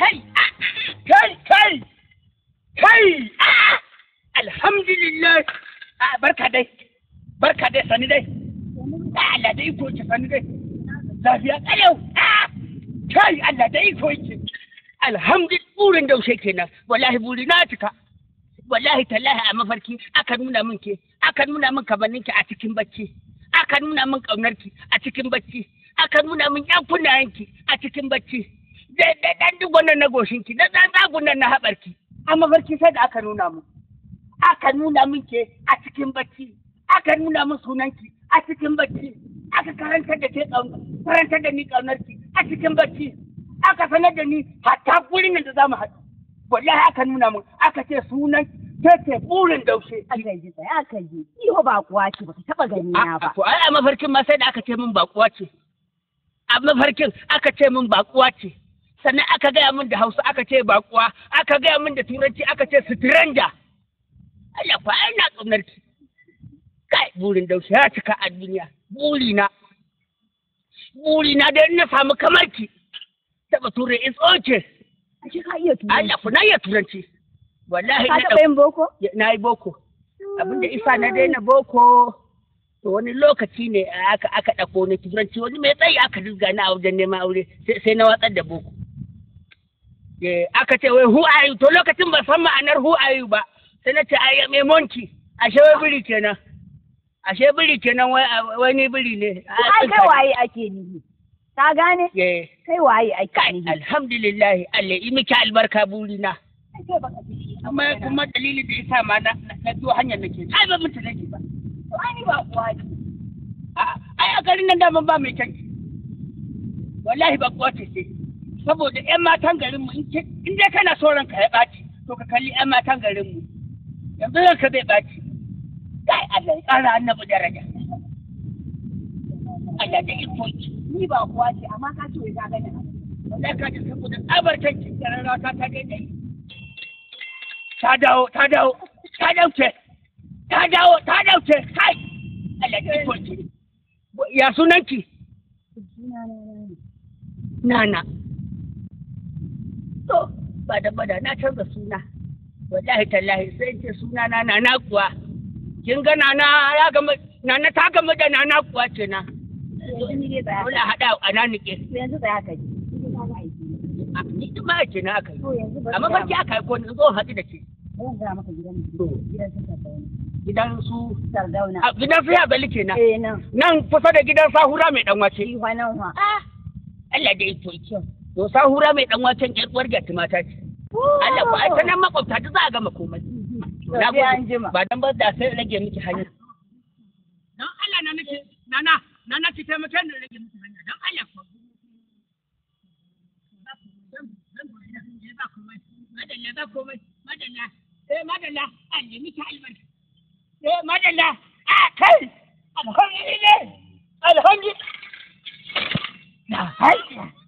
kai kai kai kai alhamdulillah ah, barka dai barka dai sani dai Allah dai iko ki sani dai lafiya kalau ah! kai Allah dai iko ki alhamdulillah burin daushe kenan wallahi buri na cika wallahi tallahi a mafarki aka nuna min ke aka nuna min kabanninki a cikin bacci aka nuna min ki a cikin bacci aka nuna min yan kunnayenki a cikin bacci da dan dugon nan na goshinki ki dan zagun nan na haɓarki a barki sai da aka nuna mu aka nuna min ke a cikin bacci aka nuna min sunanki a cikin bacci aka karanta da ke karanta da ni ki a cikin bacci aka sanar da ni hatta gurin nan da za mu haɗu wallahi aka nuna min aka ce sunan take burin daushe aka yi tsaye aka yi iho ba kuwa ce baka taba gani na ba to ai a mafarkin ma sai da aka ce min ba kuwa ce a mafarkin aka ce min ba kuwa ce sannan aka gaya min da hausa aka ce bakuwa aka gaya min da turanci aka ce stranja Allah fa ina ƙaunar ki kai burin da ya cika a duniya burina burina da na samu kamar ki taba turai is okay ashe ka iya turanci Allah fa na iya turanci wallahi na taɓa yin boko na yi boko hmm. abinda isa na daina boko wani lokaci ne aka aka ɗauko ni turanci wani mai tsayi aka rizga ni a wajen neman aure sai na watsar da boko Eh, aka ce wai who ayu, to lokacin ba san ma'anar who ayu ba sai na ce ayi mai monki ashe wai biri kenan ashe biri kenan wai wani biri ne ai eh. kai waye ake nihi ka gane kai waye ake nihi alhamdulillah Allah yi miki albarka burina amma kuma dalili da yasa ma na na biyo hanyar nake ai ba mutu nake ba to ai ni ba kuwa ne ai a garin nan da ban ba mai canji wallahi ba kuwa ce sai saboda 'yan matan garinmu in dai kana so ranka ya ɓaci to ka kalli 'yan matan garinmu yanzu ranka bai ɓaci kai Allah ya ƙara annabi daraja Allah da ilfoki ni ba kuwa ce amma ka ce ya gane wallahi ka ji saboda tsabar tankin daren rata ta gaida ta dawo ta dawo ta dauke ta dawo ta dauke kai Allah da ilfoki ya sunanki Nana. ba da bada na canza suna wallahi tallahi sai ce suna na nana kuwa kin ga na ya gama nana ta gama da na kuwa ce na wala hada a nan nike yanzu ba haka ni duk a ce na aka yi amma ki aka yi ko ni zo haɗu da ke gidan su sardauna gidan su ya bali kenan nan kusa da gidan sahura mai dan wace ah. Allah da ito kyau to sahura mai dan waken yar uwar ga mata ce oh. Allah ku ai sanan makwabta ta za a gama komai na gode ba dan ba da sai rage miki hanya dan Allah na nake nana nana ki taimake ni rage miki hanya dan Allah ku madalla madalla eh madalla Allah miki albarka eh madalla a kai alhamdulillah alhamdulillah na haika